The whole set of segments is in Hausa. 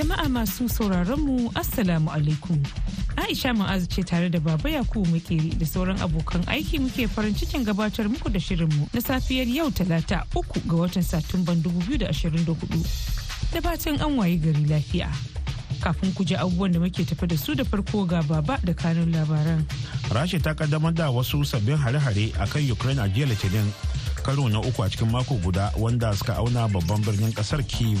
Jama'a masu sauraron mu Assalamu alaikum. Aisha Ma'azu ce tare da Baba Yakubu mukeri da sauran abokan aiki muke farin cikin gabatar muku da shirinmu na safiyar yau talata uku ga watan Satumban 2024. Da fatan an waye gari lafiya. Kafin ku ji abubuwan da muke tafi da su da farko ga baba da kanun labaran. Rasha ta kaddamar da wasu sabbin hare-hare akan Ukraine a jiya Litinin karo na uku a cikin mako guda wanda suka auna babban birnin kasar Kyiv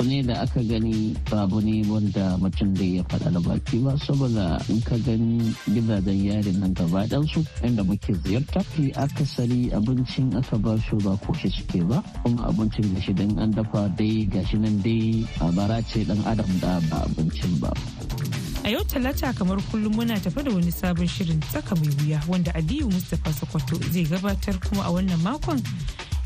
abu ne da aka gani babu ne wanda mutum da ya faɗa da baki ba saboda in ka gani gidajen yarin nan gaba ɗansu inda muke ziyarta fi akasari abincin aka ba shi ba koshi suke ba kuma abincin da shi don an dafa dai gashi nan dai a bara ce dan adam da ba abincin ba a yau talata kamar kullum muna tafi da wani sabon shirin tsaka mai wuya wanda aliyu mustapha sokoto zai gabatar kuma a wannan makon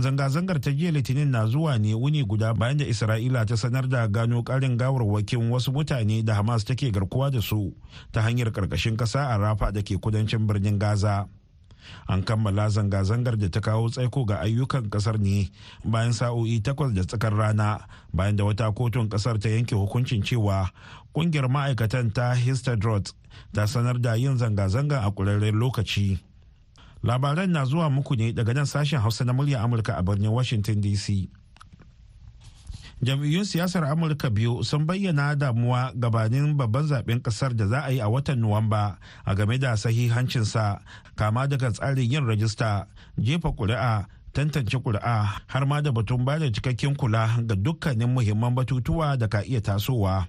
Zanga-zangar ta jiya Litinin na zuwa ne wuni guda bayan da Isra'ila ta sanar da gano karin gawarwakin wasu mutane da Hamas take garkuwa da su ta hanyar karkashin ƙasa a Rafa da ke kudancin birnin Gaza. An kammala zanga-zangar da ta kawo tsaiko ga ayyukan ƙasar ne bayan sa'o'i takwas da tsakar rana bayan da wata kotun ƙasar ta yanke hukuncin cewa kungiyar ma'aikatan ta Histadrot ta sanar da yin zanga-zanga a kurarren lokaci. labaran na zuwa muku ne daga nan sashen hausa na murya amurka a birnin washington dc jam'iyyun siyasar amurka biyu sun bayyana damuwa gabanin babban zaben kasar da za a yi a watan nuwamba a game da sahihancinsa kama daga tsarin yin rajista jefa ƙuri'a tantance ƙuri'a har ma da batun ba da cikakken kula ga dukkanin muhimman batutuwa da ka iya tasowa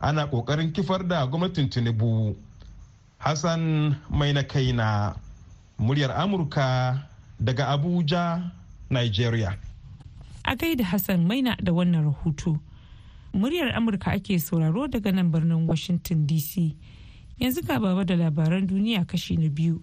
ana kokarin kifar da gwamnatin tinubu hassan mai na kai na muryar amurka daga abuja nigeria a gaida hassan maina da wannan rahoto muryar amurka ake sauraro daga nan birnin washington dc yanzu ga baba da labaran duniya kashi na biyu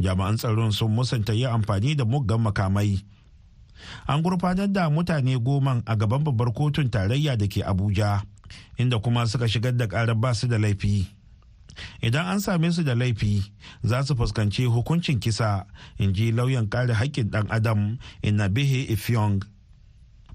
jami'an tsaron sun musanta yi amfani da muggan makamai an gurfanar da mutane goma a gaban babbar kotun tarayya da ke abuja inda kuma suka shigar da karar basu da laifi idan an same su da laifi za su fuskanci hukuncin kisa in ji lauyan kare haƙƙin ɗan adam inna bihe ifyong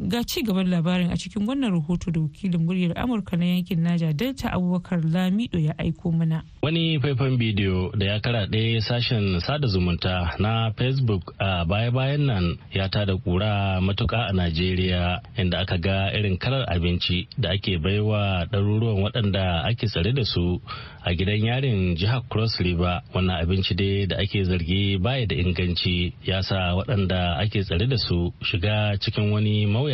ga ci gaban labarin a cikin wannan rahoto da wakilin muryar amurka na yankin naja delta abubakar lamido ya aiko mana wani faifan bidiyo da ya kara ɗaya sashen sada zumunta na facebook a baya-bayan nan ya tada kura matuka a najeriya inda aka ga irin kalar abinci da ake baiwa ɗaruruwan waɗanda ake tsare da su a gidan yarin jihar cross river wannan abinci dai da ake zargi baya da inganci ya sa waɗanda ake tsare da su shiga cikin wani mawuya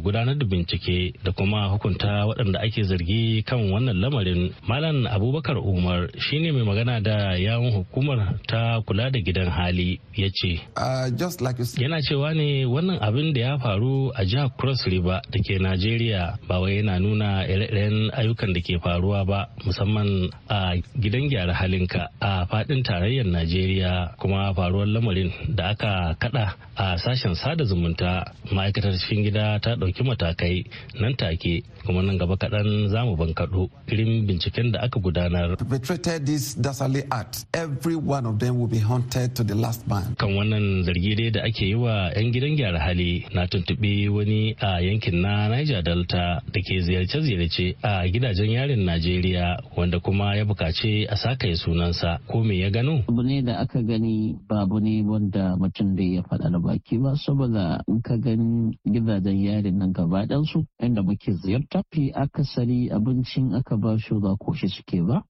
gudanar da bincike da kuma hukunta waɗanda ake zargi kan wannan lamarin malam abubakar umar shine mai magana da yawon hukumar ta kula da gidan hali ya ce uh, yana cewa ne wannan abin da ya faru a jihar cross river da ke najeriya ba wai yana nuna ire-iren ayyukan da ke faruwa ba musamman a gidan gyara halinka a fadin tarayyar najeriya kuma faruwar lamarin da aka kada a sashen sada zumunta ma'aikatar cikin gida ta ɗauki matakai nan take kuma nan gaba kaɗan za mu bankaɗo irin binciken da aka gudanar. To be this every one of them will the last man Kan wannan zargi dai da ake yi wa 'yan gidan gyara hali na tuntuɓi wani a yankin na Niger Delta da ke ziyarce-ziyarce a gidajen yarin Najeriya wanda kuma ya bukaci a sakaye sunansa ko me ya gano? Abu ne da aka gani babu ne wanda mutum da ya faɗa da baki ba saboda in ka gani gidajen yarin nan gaba ɗansu inda muke ziyarta mafi akasari abincin aka ba shi ba koshi suke ba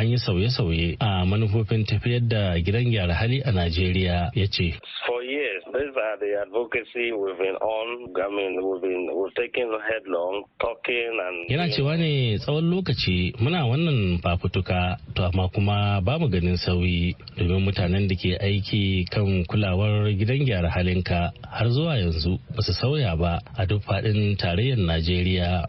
an yi sauye-sauye a manufofin tafiyar da gidan gyara hali a Najeriya ya ce. the advocacy been on. taken headlong talking and. Yana cewa ne tsawon lokaci muna wannan fafutuka to amma kuma ba mu ganin sauyi domin mutanen da ke aiki kan kulawar gidan gyara halinka har zuwa yanzu ba su sauya ba a duk faɗin tarayyar Najeriya.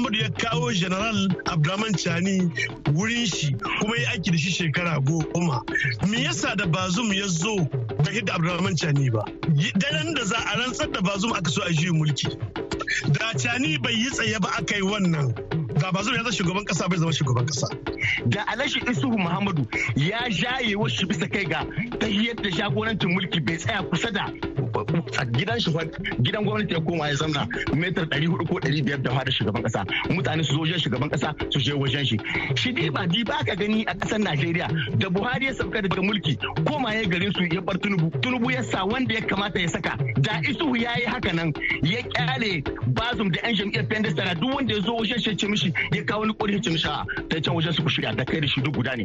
Muhammadu ya kawo General Abdulrahman Chani wurin shi kuma ya aiki da shi shekara goma. Me yasa da Bazum ya zo da hidda Abdulrahman Chani ba? Daren da za a rantsar da Bazum aka so a juyin mulki. Da Chani bai yi tsaye ba aka yi wannan. Da Bazum ya zama shugaban kasa bai zama shugaban kasa. Da Alhaji Isuhu Muhammadu ya jaye wasu bisa kai ga ta da jagorancin mulki bai tsaya kusa da a gidan shi gidan gwamnati ya koma ya zamna metar hudu ko ɗari biyar da fara shugaban kasa mutane su zo wajen shugaban kasa su je wajen shi shi dai ba di ba ka gani a kasar Najeriya da Buhari ya sauka daga mulki koma ya garin su ya bar Tunubu Tunubu ya sa wanda ya kamata ya saka da Isuhu ya yi haka nan ya kyale bazum da yan jam'iyyar Pendes tana duk wanda ya zo wajen shi ya ce mishi ya kawo ni kuri ya ce mishi a ta can wajen su ku shirya da kai da shi duk guda ne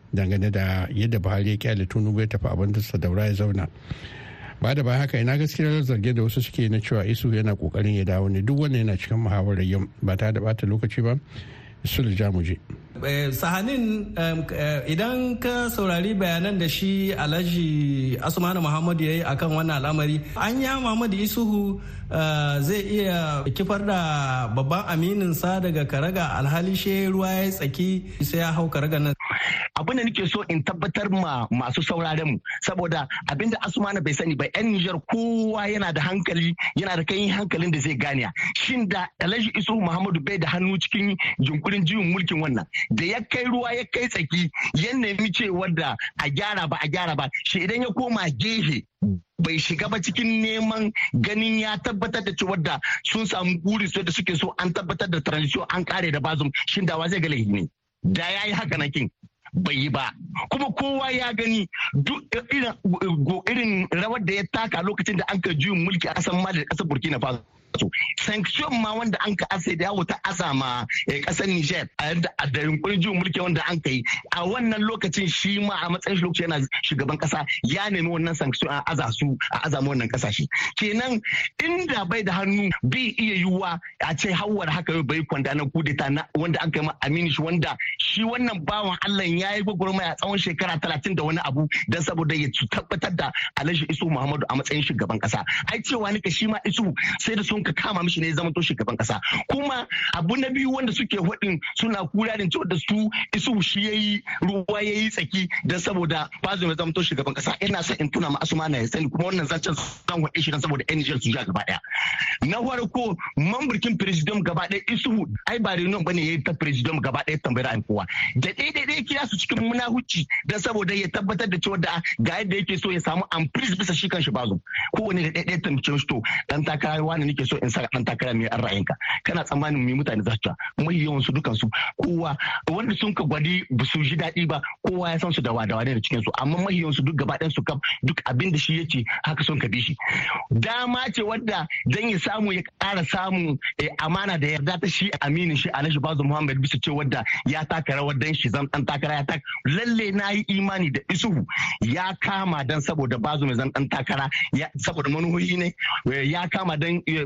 dangane da yadda buhari ya kyale tunubu ya tafi abin da daura ya zauna ba da ba haka ina gaskiyar zarge da wasu suke na cewa isu yana kokarin ya dawo ne duk wanda yana cikin muhawarar yau ba ta da bata lokaci ba sulja muje. je Eh, sahanin eh, idan ka saurari bayanan da shi alhaji asmanu muhammadu ya yi akan wannan al'amari an ya muhammadu isuhu eh, zai iya kifar da babban amininsa daga karaga alhali shi ruwa ya tsaki sai ya hau karaga nan abin da nake so in tabbatar ma masu sauraren mu saboda abinda asmanu bai sani ba yan nijar kowa yana da hankali yana da kai hankalin da zai gane shin da alhaji isuhu muhammadu bai da hannu cikin jinkurin jiwon mulkin wannan da ya kai ruwa ya kai tsaki ya nemi cewar da a gyara ba a gyara ba shi idan ya koma gehe bai shiga ba cikin neman ganin ya tabbatar da cewar da sun samu guri su da suke so an tabbatar da transition an kare da bazum shin dawa zai gale ne da ya yi haka nakin bai yi ba kuma kowa ya gani duk irin rawar da ya taka lokacin da an ka juyin mulki a kasan mali da kasar burkina faso sanction ma wanda an ka asai da yawo ta asa ma kasar eh, Niger a yadda a da yunkurin jin mulki wanda an kai a wannan lokacin shi ma a matsayin shi lokacin yana shugaban kasa ya nemi wannan sanction a aza su a aza ma wannan kasashe kenan inda bai da hannu bi iya yiwuwa a ce hawar haka yau bai kwanda na kudeta na wanda an kai ma Aminu shi wanda shi wannan bawan Allah ya yi gwagwarmaya a tsawon shekara talatin da wani abu don saboda ya tabbatar da Alhaji Isu Muhammadu a matsayin shugaban kasa ai cewa nika shi ma Isu sai da sun ka kama mishi ne zama to shugaban kasa kuma abu na biyu wanda suke hudin suna kura da cewa da su isu shi yayi ruwa yayi tsaki dan saboda ba ya zama to shugaban kasa ina son in tuna ma asumana na ya sani kuma wannan zancen zan hudin shi dan saboda NGL su ja gaba daya na farko mamburkin president gaba daya isu ai ba renon bane yayi ta president gaba daya tambayar an kowa da daidai dai kira su cikin munahuci dan saboda ya tabbatar da cewa da ga yadda yake so ya samu amprise bisa shi kanshi bazo kowane da daidai tambayar shi to dan takarawa ne nake so in sa dan takara mai an ra'ayinka kana tsammanin mai mutane za su ta mai yawan su dukansu kowa wanda sun ka gwadi ba su ji daɗi ba kowa ya san su da wadawa da cikin su amma mai yawan su duk gaba ɗayan su duk abin da shi yace haka sun ka bi shi dama ce wadda dan ya samu ya ƙara samu eh, amana da yarda ta shi aminin shi Alhaji Bazu Muhammad bisa ce wadda ya taka rawar dan shi zan dan takara ya taka lalle na yi imani da isuhu ya kama dan saboda Bazu mai zan dan takara saboda manuhoyi ne eh, ya kama dan eh,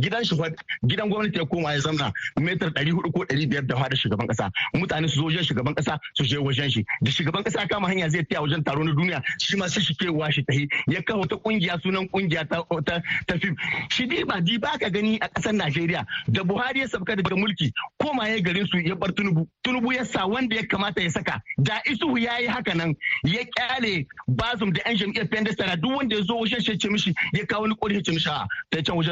gidan shi gidan gwamnati ya koma ya zamna metar 400 ko 500 da fada shugaban kasa mutane su zo wajen shugaban kasa su je wajen shi da shugaban kasa kama hanya zai taya wajen taro na duniya shi ma sai shi kewa shi tahi ya kawo ta kungiya sunan kungiya ta ta fim shi dai ba di baka gani a kasar Najeriya da Buhari ya sabka daga mulki koma ya garin su ya bar Tunubu Tunubu ya sa wanda ya kamata ya saka da isu ya yi haka nan ya kyale bazum da yan jam'iyyar Pendestara duk wanda ya zo wajen shi ya ce mishi ya kawo ni kori ya ce a ta can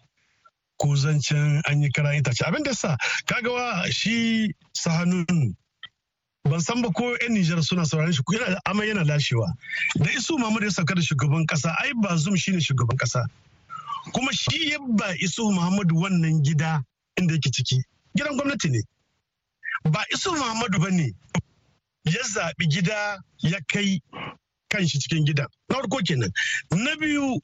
ko zancen an yi karan itace abin da sa kagawa shi sahanun ban san ba ko yan Nijar suna sauraron shi yana amma yana lashewa da isu Muhammadu ya sauka da shugaban kasa ai ba zum shine shugaban kasa kuma shi ya ba isu Muhammadu wannan gida inda yake ciki gidan gwamnati ne ba isu Muhammadu ba ya zaɓi gida ya kai kan shi cikin gidan na farko kenan na biyu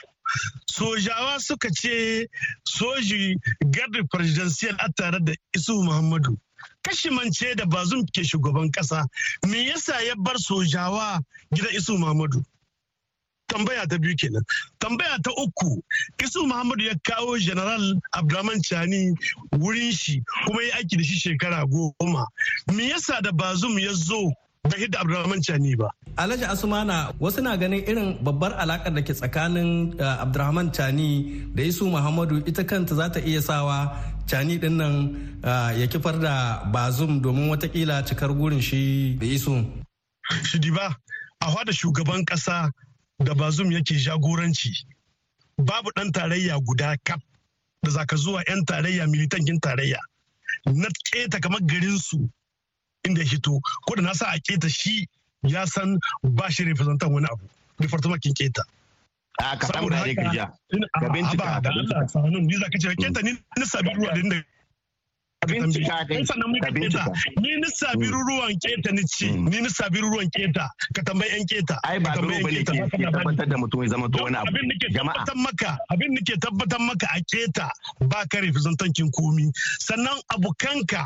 sojawa suka ce soji garda presidential a tare da isu muhammadu Kashi kashimance da bazum ke shugaban kasa me yasa ya bar sojawa gidan isu muhammadu tambaya ta biyu kenan tambaya ta uku isu muhammadu ya kawo general abdulrahman chani wurin shi kuma ya aiki da shi shekara goma me yasa da bazum ya zo bai hidda abdurrahman cani ba alhaji asumana wasu na ganin irin babbar alakar da ke tsakanin eh, abdurrahman cani da isu muhammadu ita kanta za ta iya sawa cani din nan eh, ya kifar da bazum domin watakila cikar gurin shi da isu shidi ba a hada shugaban kasa da bazum yake jagoranci babu dan tarayya guda kap da zaka zuwa 'yan tarayya militankin tarayya na keta kamar garinsu inda ya hito ko da na sa a keta shi ya san ba shi representan wani abu department kin keta a ka samu da rikija ka bincika da Allah sanun ni ka ce keta ni ni sabi ruwa din da bincika dai sannan muka keta ni ni sabi mm. ruwan keta ni ci mm. ni ni sabi ruwan keta ka tambayi yan keta ai ba ruwa bane ke tabbatar da mutum ya zama to wani abu jama'a abin maka abin tabbatar maka a keta ba ka representan kin komi sannan abukanka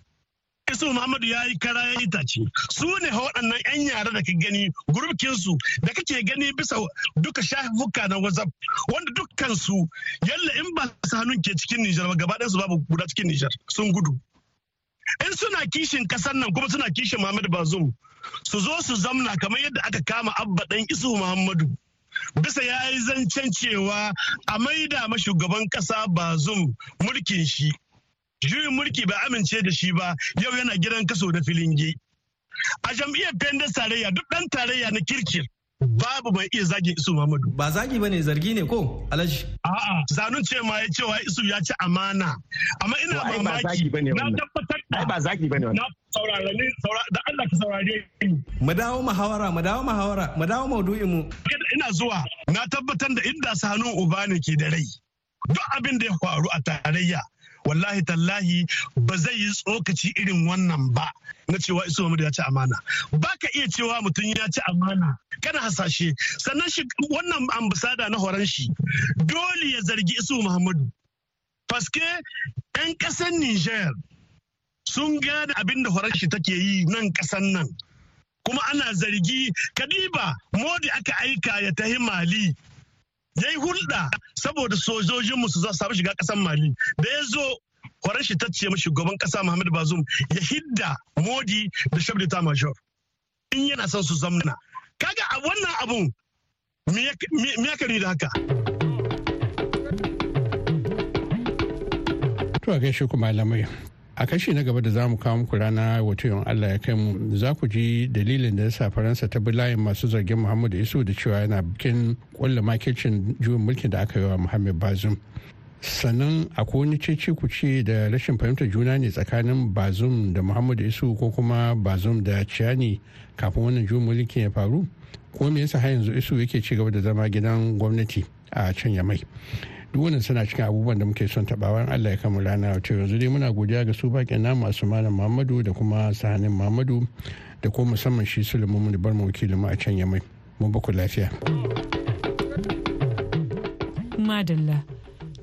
isu muhammadu ya yi kara ya itace su ne waɗannan yan yara da ka gani gurbikin su da kake gani bisa duka shafuka na wazaf wanda dukkan su yalla in ba su hannun ke cikin nijar ba gaba su babu guda cikin nijar sun gudu in suna kishin kasar nan kuma suna kishin muhammadu bazum su zo su zamna kamar yadda aka kama abba ɗan isu muhammadu bisa ya yi zancen cewa a maida mashugaban kasa bazum mulkin shi juyin mulki bai amince da shi ba yau yana gidan kaso da filingi a jam'iyyar pendas tarayya duk dan tarayya na kirkir babu bai iya zagin isu Muhammadu. Ba zagi bane zargi ne ko Alhaji? A'a zanun ce ma ya wa isu ya ci amana. Amma ina mamaki na tabbatar da ba zagi bane wannan. Na saurare ni da Allah ka saurare ni. Mu dawo muhawara mu dawo muhawara mu dawo maudu'in mu. Ina zuwa na tabbatar da inda sanu uba ne ke da rai. Duk abin da ya faru a tarayya wallahi tallahi ba zai yi tsokaci irin wannan ba na cewa isu mamadu ya ci amana ba ka iya cewa mutum ya ci amana kana hasashe sannan shi wannan ambasada na horon shi dole ya zargi isu muhammadu faske 'yan ƙasar niger sun gane abin da horon shi take yi nan kasan nan kuma ana zargi kadiba modi aka aika ya tahi mali ya yi hulɗa saboda sojojinmu su zasu samu shiga ƙasar mali da ya zo kwaran shi tacciye mu shugaban ƙasa muhammad bazum ya hidda modi da shabda ta major in yana son su zamna kaga a wannan abun me ya kari da haka to a gaishe kuma lamai a kashi na gaba da zamu kawo muku rana wato yin allah ya kai mu za ku ji dalilin da yasa faransa ta bi layin masu zargin muhammadu isu da cewa yana bikin kulla makircin juyin mulkin da aka yi wa muhammad bazum sannan akwai wani cece ku ce da rashin fahimtar juna ne tsakanin bazum da muhammadu isu ko kuma bazum da Chiani kafin wannan juyin mulkin ya faru ko me yasa har yanzu isu yake ci gaba da zama gidan gwamnati a can yamai duk wannan suna cikin abubuwan da muke son tabawan Allah ya kama rana wato yanzu dai muna godiya ga su bakin na masu malam Muhammadu da kuma sahanin Muhammadu da kuma musamman shi Sulaiman da bar mu wakilin mu a can Yamai mu ba ku lafiya madalla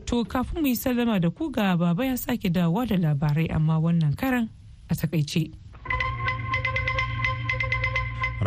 to kafin mu yi sallama da ku ga baba ya sake dawowa da labarai amma wannan karan a takaice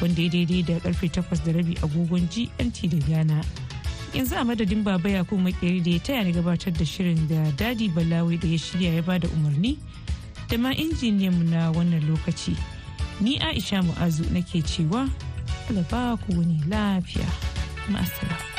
wanda ya daidai da karfe 8 da rabi agogon GMT da Ghana. Yanzu a madadin baba ya kuma makeri da ya taya ni gabatar da shirin da dadi balawai da ya shirya ya bada umarni da ma injiniyan mu na wannan lokaci. Ni Aisha Mu'azu nake cewa, Allah ba ku wani lafiya. Ma'asala.